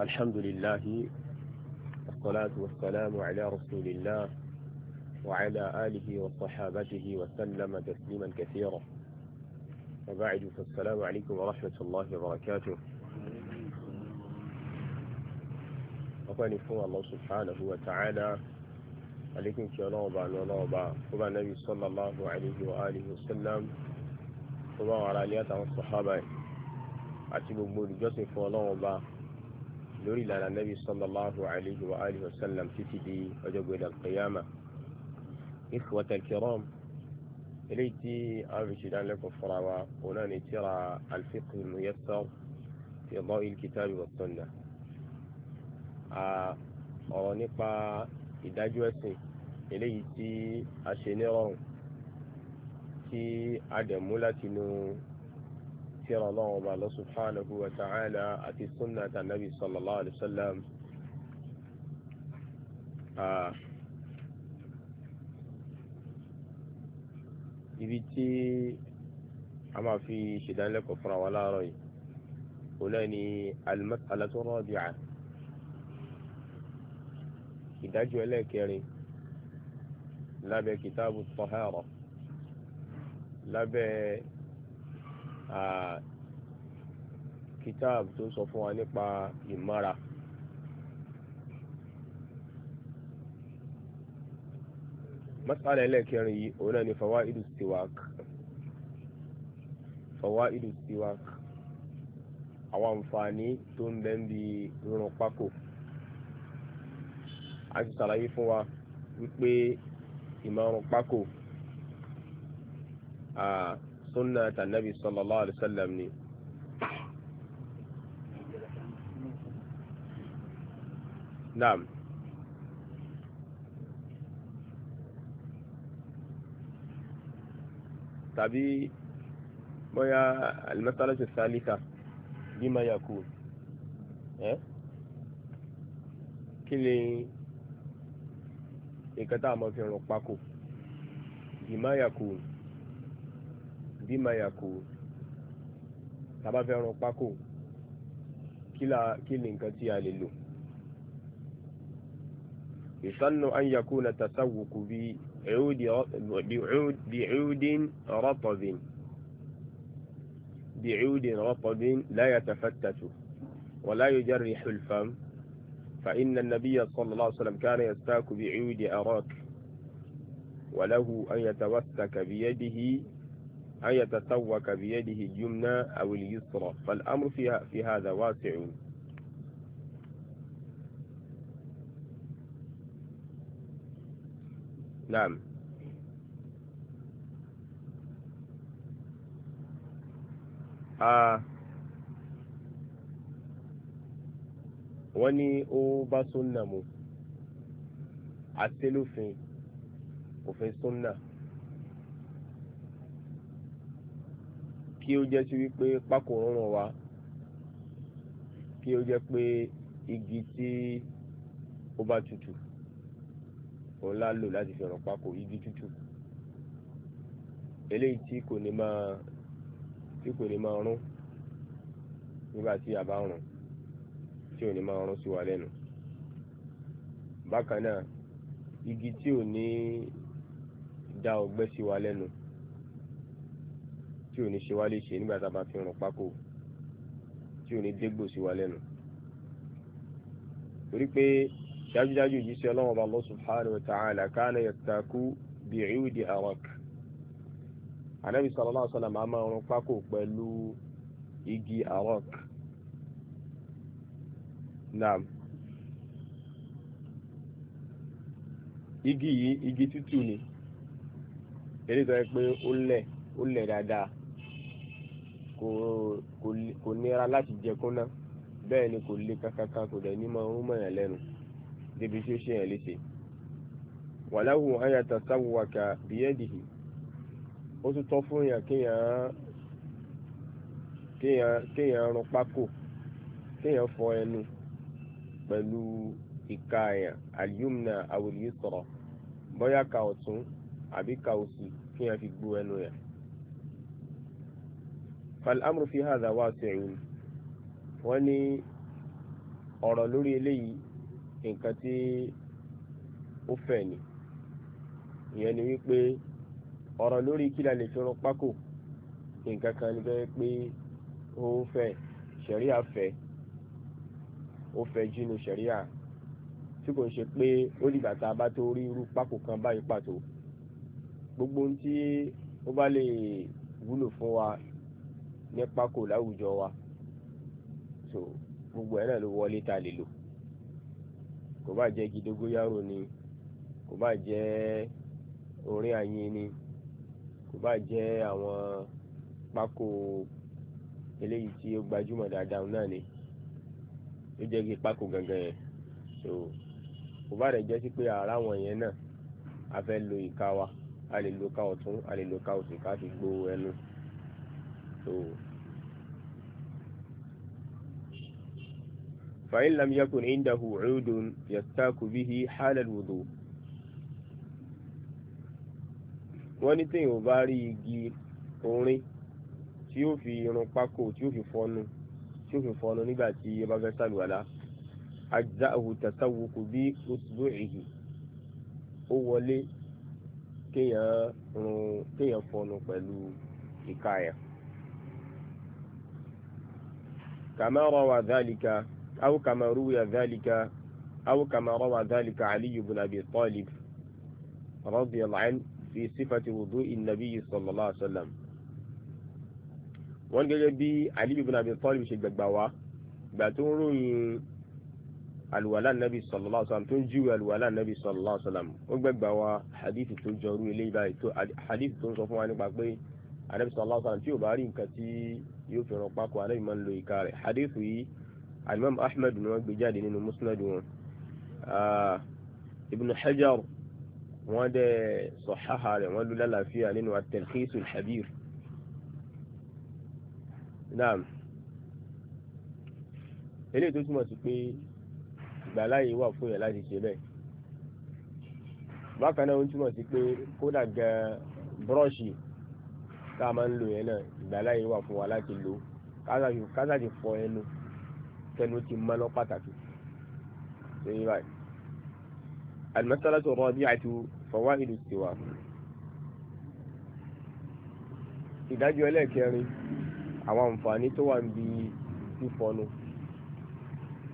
الحمد لله والصلاة والسلام على رسول الله وعلى آله وصحابته وسلم تسليما كثيرا وبعد فالسلام عليكم ورحمة الله وبركاته وقال فوق الله سبحانه وتعالى عليكم كلام بعد ونوبة النبي صلى الله عليه وآله وسلم وبع على آليات الصحابة أتبقى لجسم فالله وبعد lórí ìlànà nabi sallallahu alayhi wa alihi wa sallam títí di ọjọ́ gbẹdà kiyama ikhwata al-kiram eléyìí tí a fi ṣe dánilẹ́kọ̀ọ́ fúnra wa òun náà ni tíra al-fiqh al-muyassar fi dawil kitabi wa ọ̀rọ̀ nípa ìdájọ́ ẹ̀sìn eléyìí tí a ṣe nírọ̀rùn tí a dẹ̀ mú látinú tíra ọlọ́run ọba Allah subhanahu wa ta'ala àti sunna ta nabi sallallahu alayhi wa sallam ibi tí a máa fi ṣèdánilẹ́kọ̀ọ́ fúnra wa láàárọ̀ yìí òun ni al-mas'alatu ar-rabi'ah ìdájọ́ ẹlẹ́ẹ̀kẹrin lábẹ́ kitabu at lábẹ́ kitab tó sọ fún wa nípa ìmára. masala ẹlẹ́kẹrin yìí òun náà ni fawaidu siwak fawaidu siwak àwọn àǹfààní tó ń bẹ ń bi rírun pákò a ti ṣàlàyé fún wa wípé ìmọ̀ràn pákò sunna tànàbí sallallahu alaihi wasallam ni. Naam. tàbí bóyá alimẹ́sálẹ́sì sálíkà bímọ yakú ẹ́ kí ni nǹkan tá a mọ̀ fi rùn pákó bímọ yakú bímọ yakú tàbá fẹ́ rùn pákó kí ni nǹkan tí a lè lò. يسن أن يكون التسوق بعود بعود بعود رطب بعود رطب لا يتفتت ولا يجرح الفم فإن النبي صلى الله عليه وسلم كان يستاك بعود أراك وله أن يتوسك بيده أن يتسوك بيده اليمنى أو اليسرى فالأمر في, في هذا واسع naam. wọ́n ní ó bá súnà mu àtẹlófin òfin súnà kí ó jẹ́ sí wípé pákó rọrùn wa kí ó jẹ́ pé igi tí ó bá tutù òun lálò láti fi ọ̀rọ̀ papọ̀ yí di tútù eléyìí tí kò ní máa tí kò ní máa rún nígbà tí a bá rùn tí ò ní máa rún sí wa lẹ́nu bákan náà igi tí ò ní dá ọgbẹ́ sí wa lẹ́nu tí ò ní ṣe wá léṣe nígbà tá a bá fi rùn pákó tí ò ní dégbò sí wa lẹ́nu torí pé dájúdájú yìí sí ọlọ́run ọba Allah subhanahu wa ta'ala kana yattaku bi iudi arak anabi sallallahu alaihi wasallam máa ń rún pákó pẹ̀lú igi arak naam igi yìí igi tútù ni eré tó yẹ pé ó lẹ̀ ó lẹ̀ dáadáa kò nira láti jẹ kúnná bẹ́ẹ̀ ni kò le kankankan kò dẹ̀ ní mọ ohun mọ̀yàn lẹ́nu débi tí ó ṣe yàn léṣe wàláhù ayàtà sáwùwàkà bíyẹ́dìhì ó tún tọ́ fún yàn kéèyàn kéèyàn kéèyàn rún pákó kéèyàn fọ ẹnu pẹ̀lú ìka àyàn àlìyúmnà àwòlíyé sọ̀rọ̀ bóyá ka ọ̀tún àbí ka òsì kéèyàn fi gbó ẹnu yàn. فالأمر في هذا واسع wọ́n ní ọ̀rọ̀ lórí eléyìí nǹkan tí ó fẹ̀ ni ìyẹn ni wípé ọ̀rọ̀ lórí kílà lè fi rún pákò nǹkan kan ni bẹ́ẹ̀ pé ó fẹ̀ ṣẹ̀ríà fẹ̀ ó fẹ̀ jínú ṣẹ̀ríà tí kò ń ṣe pé ó dìgbà tá a bá tó rí irú pákò kan báyìí pàtó gbogbo ohun tí ó bá lè wúlò fún wa ní pákò láwùjọ wa so gbogbo ẹ̀ náà ló wọlé ta lè lò kò bá jẹ́ igi dógóyárò ni kò bá jẹ́ orin ayin ni kò bá jẹ́ àwọn pákó eléyìí tí ó gbajúmọ̀ dáadáa náà ni ó jẹ́ igi pákó gangan yẹn so kò bá rẹ̀ jẹ́ sí pé àrà wọn yẹn náà a fẹ́ lo ìka wa a lè lo ká ọ̀tún a lè lo ká òsì ká fi gbó ẹnu so. فإن لم يكن عنده عود يستاك به حال الوضوء wọ́n ní tí yóò bá rí igi orin tí yóò fi irun pákó tí yóò fi fọnu tí yóò fi fọnu nígbà tí yóò bá fẹ́ sàlùwàlá ajza'ahu tasawwuqu bi usbu'ihi ó wọlé kéèyàn run pẹ̀lú ìka ẹ̀. kama rawa أو كما روي ذلك أو كما روى ذلك علي بن أبي طالب رضي الله عنه في صفة وضوء النبي صلى الله عليه وسلم wọ́n gẹ́gẹ́ bí alibi bin abi talib ṣe gbàgbà wá gbà tó ń ròyìn alùwàlá nàbì sallallahu alaihi wasallam tó ń jíwèé alùwàlá nàbì sallallahu alaihi wasallam ó gbàgbà wá hadith tó jọrú eléyìí báyìí tó hadith tó ń sọ fún wa nípa pé anabi sallallahu alaihi wasallam tí ò bá rí nǹkan tí yóò fi ràn pákó anabi máa ń lo ìka rẹ̀ hadith yìí alimam ahmed ni wọ́n gbé jáde nínú musnad wọn ah, ibn hajar wọ́n dẹ̀ sọ̀háhà rẹ̀ wọ́n ló lálàáfíà nínú at-talkhisul habir naam eléyìí tó túmọ̀ sí pé ìgbàláyè wà fún yẹn láti ṣe bẹ́ẹ̀ bákan náà ó túmọ̀ sí pé kódà gan búrọ́ọ̀ṣì tá a máa ń lò yẹn náà ìgbàláyè wà fún wa láti lò kásà fọ ẹnu tẹnu ti mọ́ lọ pàtàkì ṣèyí báyìí alimasalatu rabi'atu fawaidu siwa ìdájọ́ ẹlẹ́ẹ̀kẹrin àwọn àǹfààní tó wà ń bi fífọnu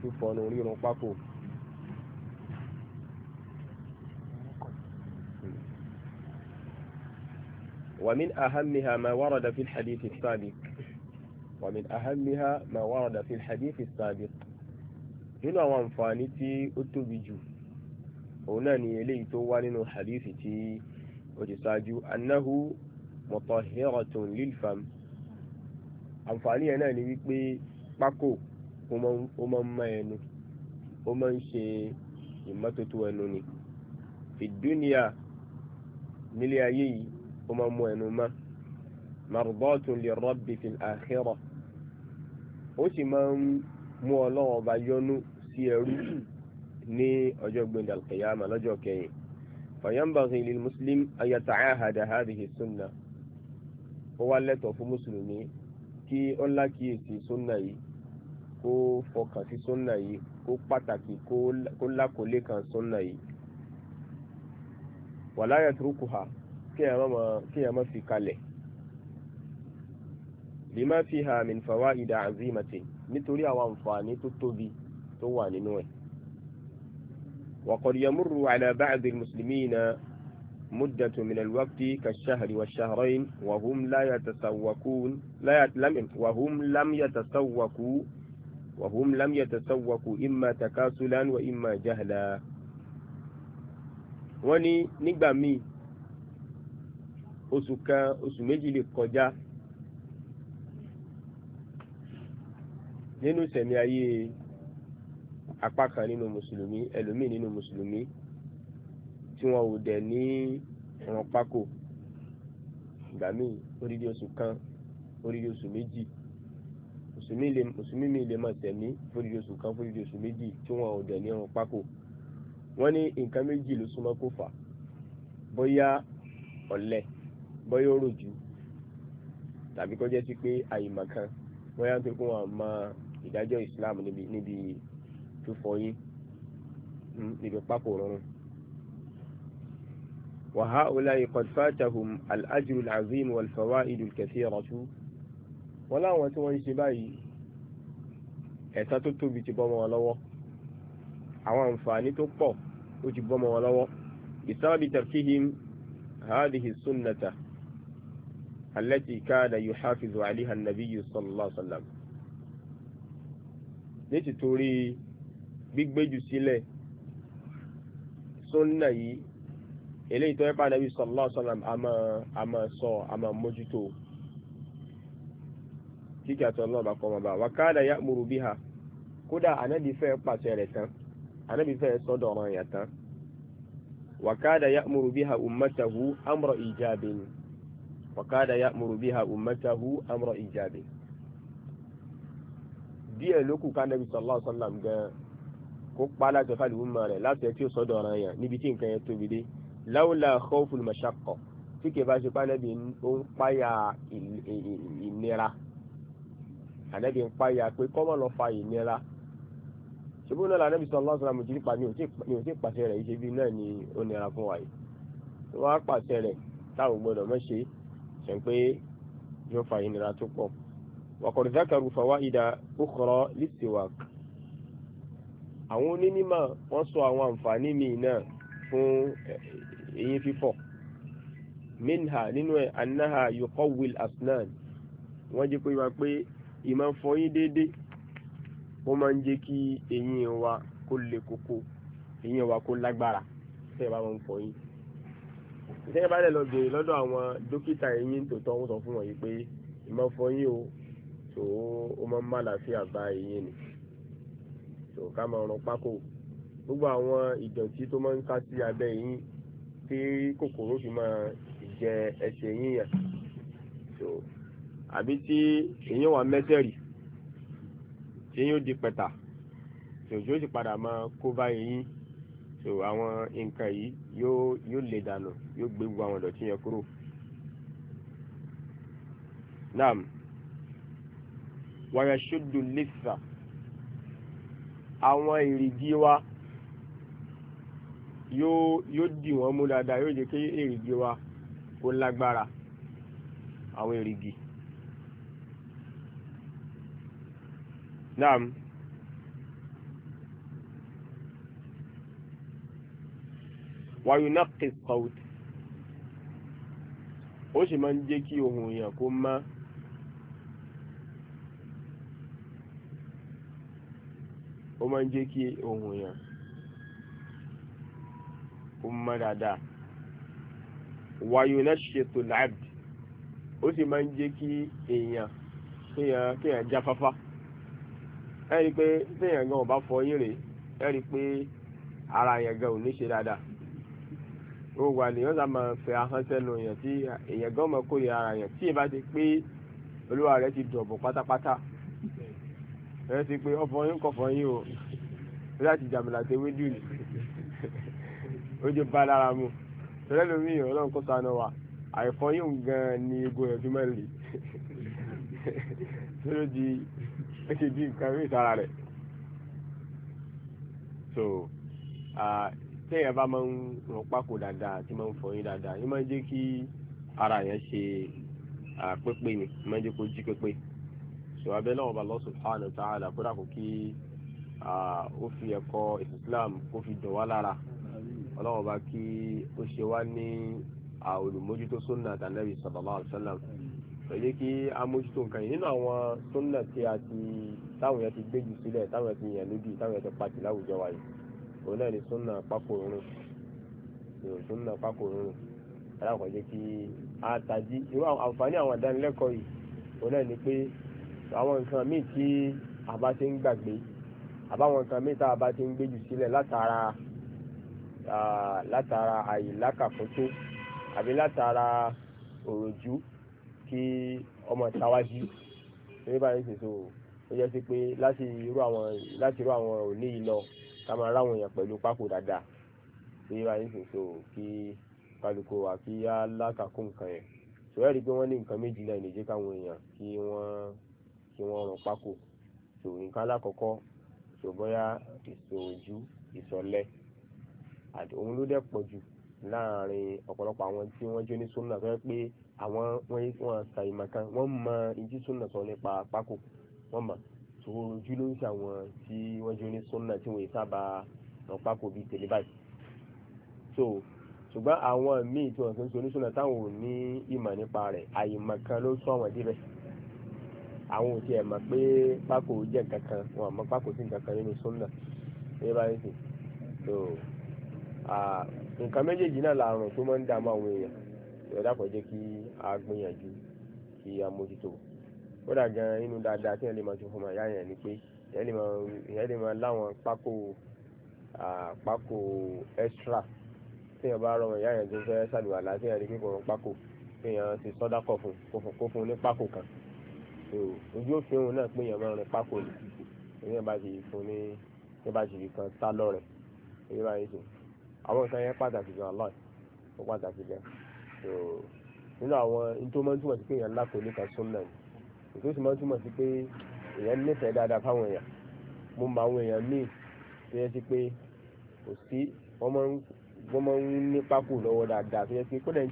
fífọnu rírun pákó. ومن أهمها ما ورد في الحديث الثاني. ومن أهمها ما ورد في الحديث السابق هنا وانفانتي أتبجو هنا نيلي توان حديثتي وتساجو أنه مطهرة للفم àǹfààní ẹ̀ náà ni wípé pákó ó máa ń mọ́ ẹnu ó máa ń ṣe ìmọ́tótó ẹnu ni fìdúnìyà nílé ayé yìí ó máa ń mú ẹnu mọ́ mardatun lirabbi fil akhirah ó sì máa ń mú ọlọ́run ọba yọ́nú sí ẹrú ní ọjọ́ gbẹ̀ndẹ̀ alqiyama lọ́jọ́ kẹyìn fayanbaghi lil muslim an yata'ahada hadhihi sunna ó wá lẹ́tọ̀ fún mùsùlùmí kí ó lákìyèsí sunna yìí kó fọkàn sí sunna yìí kó pàtàkì kó lákòólé kan sunna yìí wala yatrukuha kí ẹ̀ má fi kalẹ̀ بما فيها من فوائد عظيمة نتولي وانفاني تتوبي تواني نوي وقد يمر على بعض المسلمين مدة من الوقت كالشهر والشهرين وهم لا يتسوقون لا يتلم وهم لم يتسوقوا وهم لم يتسوقوا إما تكاسلا وإما جهلا وني نقبا مي أسكا أسمجي للقجاف nínú ìsẹ̀mí ayé apá kan nínú mùsùlùmí ẹlòmíì nínú mùsùlùmí tí wọn ò dẹ̀ ní ìran pákó ìgbà míì orídìí oṣù kan orídìí oṣù méjì mùsùlùmí mi lè máa sẹ̀mí fórídìí oṣù kan fórídìí oṣù méjì tí wọn ò dẹ̀ ní ìran pákó wọ́n ní nǹkan méjì ló súnmọ́ kó fà bóyá ọ̀lẹ bóyá òròjú tàbí kọjá sí pé àyèmọ̀ kan bóyá tó kún wọn máa ìdájọ́ islam níbi níbi fífọyín hmm, níbi pákó rọrùn. وهؤلاء قد فاتهم الأجر العظيم والفوائد الكثيرة ولا وتوان شباي ẹ̀san tó tóbi ti bọ́mọ wọn lọ́wọ́ àwọn àǹfààní tó pọ̀ ó ti bọ́mọ wọn lọ́wọ́ bisababi tarkihim hadhihi sunnata allati kana yuhafizu alaiha an-nabiyyu sallallahu alaihi wasallam nítorí gbígbéjù sílẹ̀ sunna yìí eléyìí tó bada bi nàbí sallallahu alaihi wasallam àmà sọ àmà mójútó kíkẹ́ àti ọlọ́ọ̀bà kọ́ ọmọ bá wa biha kódà ànábì fẹ́ pàṣẹ rẹ̀ tán ànábì fẹ́ sọ́dọ̀ ọ̀ràn yà tán wa kana biha ummatahu amra biha ijabin díẹ̀ ló kù kánẹ́bí sallallahu alaihi wasallam gan kó pa láti ọ̀fà lùú mọ̀ rẹ̀ láti ẹtí ó sọ́dọ̀ ọ̀ràn yẹn níbi tí nǹkan yẹn tóbi dé láwùlà khawful mashaqqa tí kìí bá ṣe pánẹ́bí ó ń páyà ìnira ànẹ́bí ń páyà pé kọ́mọ̀ lọ fa ìnira ṣùgbọ́n náà lànẹ́bí sallallahu alaihi wasallam jí nípa ni ò tí pàṣẹ rẹ̀ ṣe bí náà ni ó nira fún wa yìí wọ́n á pàṣẹ rẹ̀ táwọn gbọ́dọ̀ وقد ذكروا فوائد أخرى للسواك àwọn onímọ̀ wọ́n sọ àwọn àǹfààní míì náà fún eh, eyín fífọ̀ minha nínú ẹ̀ annaha yuqawwil asnan wọ́n jẹ́ pé wá pé ìmọ̀ fọyín déédé ó máa ń jẹ́ kí eyín wa kó le koko eyín wa kó lágbára tẹ́ ẹ bá máa fọyín tẹ́ ẹ bá lè lọ béèrè lọ́dọ̀ àwọn dókítà eyín tòótọ́ wọ́n sọ fún wọn yìí pé ìmọ̀ fọyín o so o máa ń má àlàáfíà bá eyín ni so ká máa rún pákó gbogbo àwọn ìdọ̀tí tó máa ń ká sí abẹ́ eyín tí kòkòrò fi máa jẹ ẹsẹ̀ eyín yẹn so àbí tí eyín wà mẹ́sẹ̀rì tí eyín ó di pẹ̀tà so yóò sì padà máa kó bá eyín so àwọn nǹkan yìí yóò yóò lè dànù yóò gbé gbogbo àwọn ìdọ̀tí yẹn kúrò. Naam wàyàṣódò lẹ́sà àwọn èrìgì wa yóò dì wọ́n mú dáadáa yóò jẹ́ kí èrìgì wa kó lágbára àwọn èrìgì. Naam. wàyùnákì sọ̀tì ó sì máa ń jẹ́ kí ohun èèyàn kó máa. máa ń jẹ́ kí ohun èèyàn kó mọ́ dáadáa wàyò náà ṣètò láàbì ó sì máa ń jẹ́ kí èèyàn kéèyàn kéèyàn jáfáfá ẹ rí i pé téèyàn gan ọba fọ yín rèé ẹ rí i pé ara yẹn gan ò ní ṣe dáadáa gbogbo àníyàn sá máa fẹ ahọ́n sẹ́nu èèyàn tí èèyàn gan máa kórè ara yẹn tí ìbá ti pé olúwa rẹ ti dọ̀bọ̀ pátápátá ẹ ti pé ọfọ yín kọfọ yín o láti jàmìlà tẹ wéjú ni ó jẹ bá lára mu tẹ́lẹ̀ lómi yìí ọlọ́run kó sanu wa àìfọ yín gan ni egbò rẹ̀ fi máa ń lè tó ló di ó ṣe di nǹkan rí sára rẹ̀ so téèyàn bá máa ń rọ pákó dáadáa tí máa ń fọ yín dáadáa yín máa ń jẹ́ kí ara yẹn ṣe pépé ni máa ń jẹ́ kó jí pépé so abẹ́ lọ́wọ́ bá Allah subhanahu wa ta'ala kódà kò kí ó fi ẹ̀kọ́ Islam kó fi dùn wá lára ọlọ́wọ́ bá kí ó ṣe wá ní olùmójútó sunna tànàbí sallallahu alaihi wasallam pẹ̀lú kí a mójútó nǹkan yìí nínú àwọn sunna tí a ti táwọn yẹn ti gbé jù sílẹ̀ táwọn yẹn ti yàn lódì táwọn yẹn ti pàtì láwùjọ wa yìí òun náà ni sunna pákó irun sunna pákó irun aláwọ̀ kí a tají irú àǹfààní àwọn ìdánilẹ́kọ̀ọ́ yìí òun náà ni pé àwọn nǹkan míì tí a bá ti ń gbàgbé àbáwọn nǹkan míì tá a bá ti ń gbéjù sílẹ̀ látara látara àìlákàkótó àbí látara òròjú kí ọmọ ìtawájú ní báyìí ṣe so ó yẹ sí pé láti irú àwọn láti irú àwọn òní yìí lọ ká máa ráwọn èèyàn pẹ̀lú pákó dáadáa ní báyìí ṣe kí kálukú wa kí nǹkan yẹn sọ pé wọ́n ní nǹkan méjì ìnìjẹ́ káwọn èèyàn kí wọ́n kí wọ́n rún pákó so nǹkan alákọ̀ọ́kọ́ so bóyá ìsò ojú ìsọ̀lẹ̀ àti òun ló dẹ̀ pọ̀ jù láàrin ọ̀pọ̀lọpọ̀ àwọn tí wọ́n jẹ́ ní súnà tó yẹ pé àwọn wọ́n wọ́n sa ìmọ̀ kan wọ́n mọ ìdí súnà sọ nípa pákó wọ́n mọ̀ tó ojú ló ń ṣe àwọn tí wọ́n jẹ́ ní súnà tí wọ́n sábà rún pákó bíi tèlé báyìí so ṣùgbọ́n àwọn míì tí wọ́n ti ń sọ ní súnà táwọn ò ní ìmọ̀ nípa rẹ̀ àìmọ̀ kan ló sọ àwọn débẹ̀ àwọn ò tiẹ̀ mọ̀ pé pákó jẹ́ nǹkan kan wọn àmọ́ pákó sí nǹkan kan nínú sunna ní bá sì so nǹkan méjèèjì náà làrùn tó máa ń dààmú àwọn èèyàn ìrọ̀dá kò jẹ́ kí a gbìyànjú kí a mójútó kódà gan inú dáadáa tí ẹ lè máa tún fọmọ ìyá yẹn ni pé ìyá máa láwọn pákó pákó extra tí yẹn bá rọ ìyá yẹn tó fẹ́ sàlùwàlá tí yẹn rí pé kò rán pákó tí ti sọ́dá kọ̀ fún kó fún ní pákó kan so ojú òfin òun náà pé èèyàn máa rìn pákó ni èèyàn bá ti fún ní èèyàn bá ti fi kan tá lọ́rẹ̀ èèyàn bá yẹn sùn àwọn nǹkan yẹn pàtàkì gan lọ́ọ̀ ó pàtàkì gan so nínú àwọn nítorí máa ń túmọ̀ sí pé èèyàn lákòó ní kan súnmọ́ ni ètò sì máa ń túmọ̀ sí pé èèyàn nífẹ̀ẹ́ dáadáa fáwọn èèyàn mo mọ àwọn èèyàn míì tó yẹ sí pé kò sí wọ́n máa ń ní pákó lọ́wọ́ dáadáa tó yẹ sí pé kódà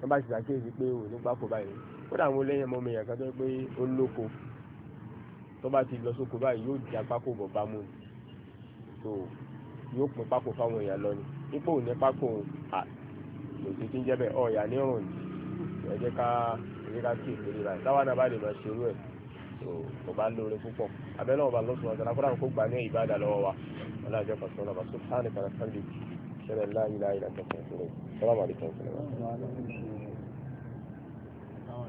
wọ́n bá ti ṣàkíyèsí pé òní gbáko báyìí kódà àwọn olóyìn ọmọ mi yàn kan tó yẹ pé ó lóko tó bá ti lọ sóko báyìí yóò di apákò bọ̀ bá mú ni tó yóò pín pákó fáwọn èèyàn lọ ni ipò òní pákó à lòsì tí ń jẹ́ bẹ́ẹ̀ ọ̀yà ní ọ̀rùn ẹ jẹ́ ká ẹ jẹ́ ká kí ìpínlẹ̀ báyìí táwọn náà bá lè máa ṣerú ẹ̀ tó kò bá lóore púpọ̀ abẹ́lẹ́ ọba lọ́sùn ọ̀sán akọ́dà kó gbà ní ìbáàdà lọ́wọ́ wa ọlọ́jọ́ pàṣẹ ọlọ́ba sọ́kánì kàràkàrì ṣẹlẹ̀ láyé